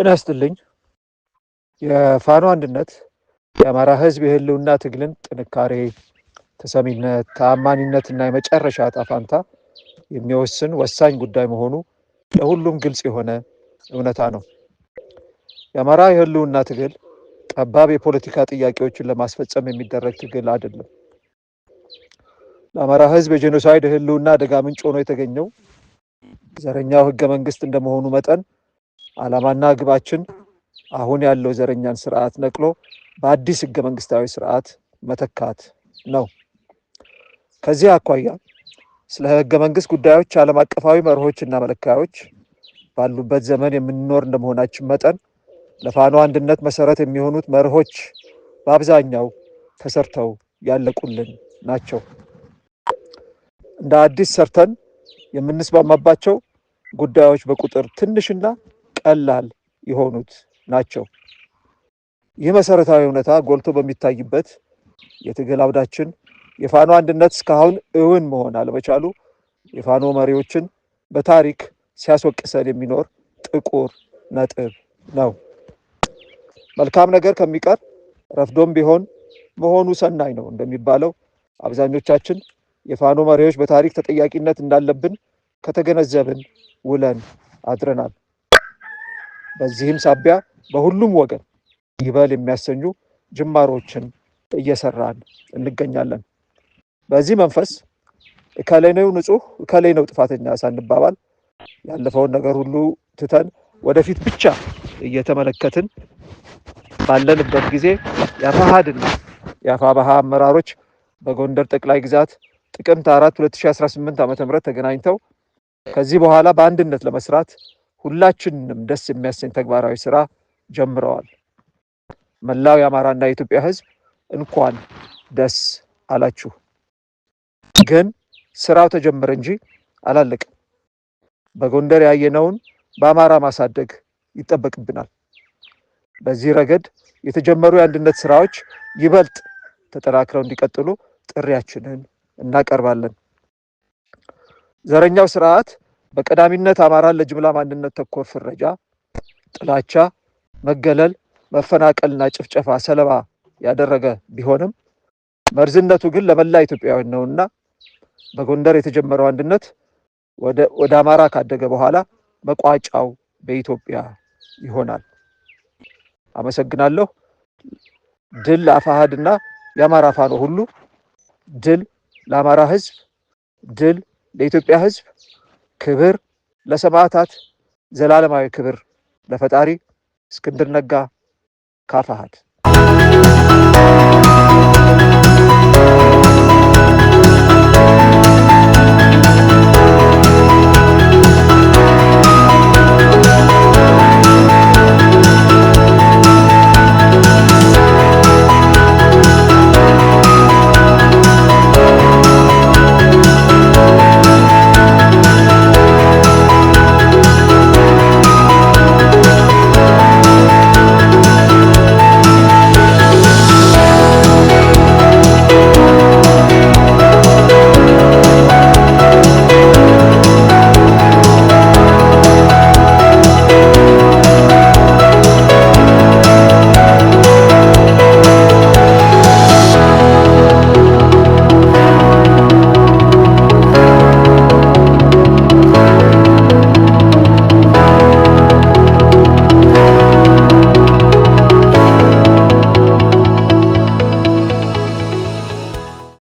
ጤና ይስጥልኝ። የፋኖ አንድነት የአማራ ህዝብ የህልውና ትግልን ጥንካሬ፣ ተሰሚነት፣ ተአማኒነት እና የመጨረሻ ዕጣ ፈንታ የሚወስን ወሳኝ ጉዳይ መሆኑ ለሁሉም ግልጽ የሆነ እውነታ ነው። የአማራ የህልውና ትግል ጠባብ የፖለቲካ ጥያቄዎችን ለማስፈጸም የሚደረግ ትግል አይደለም። ለአማራ ህዝብ የጄኖሳይድ የህልውና አደጋ ምንጭ ሆኖ የተገኘው ዘረኛው ህገ መንግስት እንደመሆኑ መጠን ዓላማና ግባችን አሁን ያለው ዘረኛን ስርዓት ነቅሎ በአዲስ ህገ መንግስታዊ ስርዓት መተካት ነው። ከዚህ አኳያ ስለ ህገ መንግስት ጉዳዮች ዓለም አቀፋዊ መርሆች እና ባሉበት ዘመን የምንኖር እንደመሆናችን መጠን ለፋኖ አንድነት መሰረት የሚሆኑት መርሆች በአብዛኛው ተሰርተው ያለቁልን ናቸው። እንደ አዲስ ሰርተን የምንስማማባቸው ጉዳዮች በቁጥር ትንሽና ቀላል የሆኑት ናቸው። ይህ መሰረታዊ እውነታ ጎልቶ በሚታይበት የትግል አውዳችን የፋኖ አንድነት እስካሁን እውን መሆን አለመቻሉ የፋኖ መሪዎችን በታሪክ ሲያስወቅሰን የሚኖር ጥቁር ነጥብ ነው። መልካም ነገር ከሚቀር ረፍዶም ቢሆን መሆኑ ሰናይ ነው እንደሚባለው አብዛኞቻችን የፋኖ መሪዎች በታሪክ ተጠያቂነት እንዳለብን ከተገነዘብን ውለን አድረናል። በዚህም ሳቢያ በሁሉም ወገን ይበል የሚያሰኙ ጅማሮችን እየሰራን እንገኛለን። በዚህ መንፈስ እከሌ ነው ንጹህ፣ እከሌ ነው ጥፋተኛ ሳንባባል ያለፈውን ነገር ሁሉ ትተን ወደፊት ብቻ እየተመለከትን ባለንበት ጊዜ የፋሃድና የአፋባሃ አመራሮች በጎንደር ጠቅላይ ግዛት ጥቅምት 4 2018 ዓ.ም ተገናኝተው ከዚህ በኋላ በአንድነት ለመስራት ሁላችንንም ደስ የሚያሰኝ ተግባራዊ ስራ ጀምረዋል። መላው የአማራና የኢትዮጵያ ህዝብ እንኳን ደስ አላችሁ። ግን ስራው ተጀመረ እንጂ አላለቅም። በጎንደር ያየነውን በአማራ ማሳደግ ይጠበቅብናል። በዚህ ረገድ የተጀመሩ የአንድነት ስራዎች ይበልጥ ተጠናክረው እንዲቀጥሉ ጥሪያችንን እናቀርባለን። ዘረኛው ስርዓት በቀዳሚነት አማራን ለጅምላ ማንነት ተኮር ፍረጃ፣ ጥላቻ፣ መገለል፣ መፈናቀልና ጭፍጨፋ ሰለባ ያደረገ ቢሆንም መርዝነቱ ግን ለመላ ኢትዮጵያውያን ነውና በጎንደር የተጀመረው አንድነት ወደ አማራ ካደገ በኋላ መቋጫው በኢትዮጵያ ይሆናል። አመሰግናለሁ። ድል ለአፋሕድ እና የአማራ ፋኖ ሁሉ፣ ድል ለአማራ ሕዝብ፣ ድል ለኢትዮጵያ ሕዝብ። ክብር ለሰማዕታት ዘላለማዊ ክብር ለፈጣሪ። እስክንድር ነጋ ካፋሃት